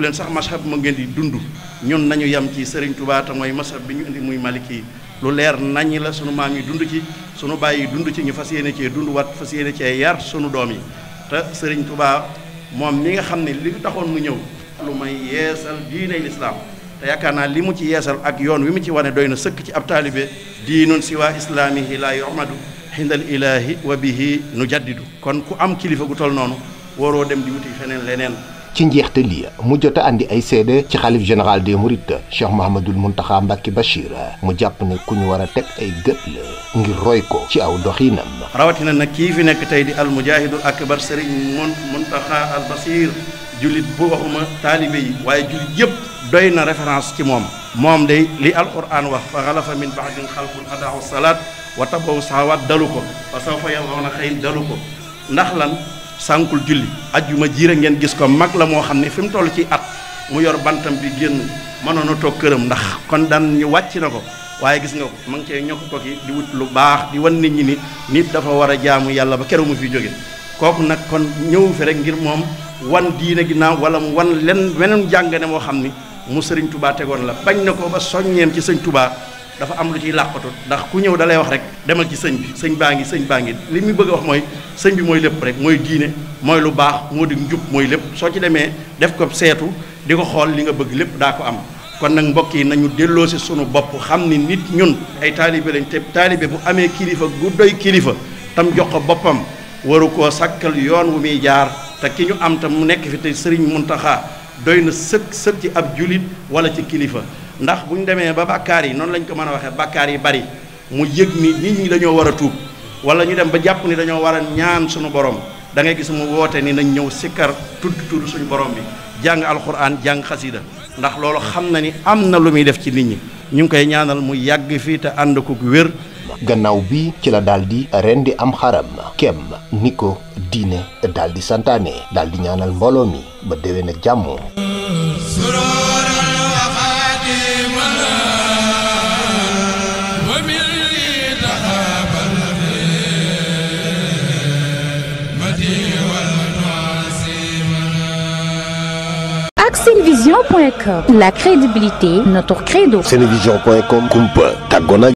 leen sax mashab ma ngeen di dund ñun nañu yem ci Serigne Touba te mooy mashab bi ñu indi muy Malik yi lu leer nañ la sunu maam yi dund ci sunu bàyyi dund ci ñu fas yéene cee dund wat fas yéene cee yar sunu doom yi te Serigne Touba moom mi nga xam ne li taxoon mu ñëw lu may yeesal diine lislaam te yaakaar naa li mu ci yeesal ak yoon wi mu ci wane doy na sëkk ci ab taalibe diinun siwa islaamihi la yuhmadu xindal ilaahi wa bihi nu jaddidu kon ku am kilifa gu tol noonu waroo dem di leneen ci njeexte lii mu jot a andi ay seede ci xalif général des mourides cheikh mahamadul muntaxa mbàkke bachir mu jàpp ne ku ñu war a teg ay gët la ngir roy ko ci aw doxinam rawatina na kii fi nekk tey di al almujahidu akbar sëriñ mun muntaxa al basir julit bu waxuma taalibe yi waaye julit yëpp doy na référence ci moom moom day li alquran wax fa xalafa min baadin xalfun adaaw salaat wa tabaw sahawaat dalu ko fa sawfa yalawna xëy dalu ko ndax lan sànkul julli ajjuma a ngeen gis ko mag la moo xam ne fi mu tollu ci at mu yor bantam bi génn mënoon a toog këram ndax kon daan ñu wàcc na ko waaye gis nga ko ma ngi cee ñokk ko ki di wut lu baax di wan nit ñi ni nit dafa war a jaamu yàlla ba keroog mu fi jóge kooku nag kon ñëw fi rek ngir moom wan diine ginnaaw wala mu wan len weneen jàngane moo xam ni mu sëriñ tubaa tegoon la bañ na ko ba soññeem ci sëñ tubaa dafa am lu ciy làqatu ndax ku ñëw dalay wax rek demal ci sëñ bi sëñ baa ngi sëñ baa ngi li mu bëgg a wax mooy sëñ bi mooy lépp rek mooy diine mooy lu baax moo di njub mooy lépp soo ci demee def ko seetu di ko xool li nga bëgg lépp daa ko am kon nag mbokk yi nañu delloo si sunu bopp xam ni nit ñun ay taalibe lañ te taalibe bu amee kilifa gu doy kilifa tam jox ko boppam waru koo sàkkal yoon wu muy jaar te ki ñu am tam mu nekk fi te sëriñ Muntaxa doy na sëkk sëkk ci ab julit wala ci kilifa ndax bu ñu demee ba bàkkaar yi noonu lañ ko mën a waxee bàkkaar yi bari mu yëg ni nit ñi dañoo war a tuub wala ñu dem ba jàpp ni dañoo war a ñaan suñu borom da ngay gis mu woote ni nañ ñëw sikkar tudd tudd suñu borom bi jàng alxuraan jàng xasida ndax loolu xam na ni am na lu muy def ci nit ñi ñu ngi koy ñaanal mu yàgg fii te ànd ko wér. gannaaw bii ci la daal di ren di am xaram kem ni ko diine daal di santaane daal di ñaanal mbooloo mi ba déwén ak jàmm. Cinevision.com la crédibilité notre credo senevision.com kumpa tagona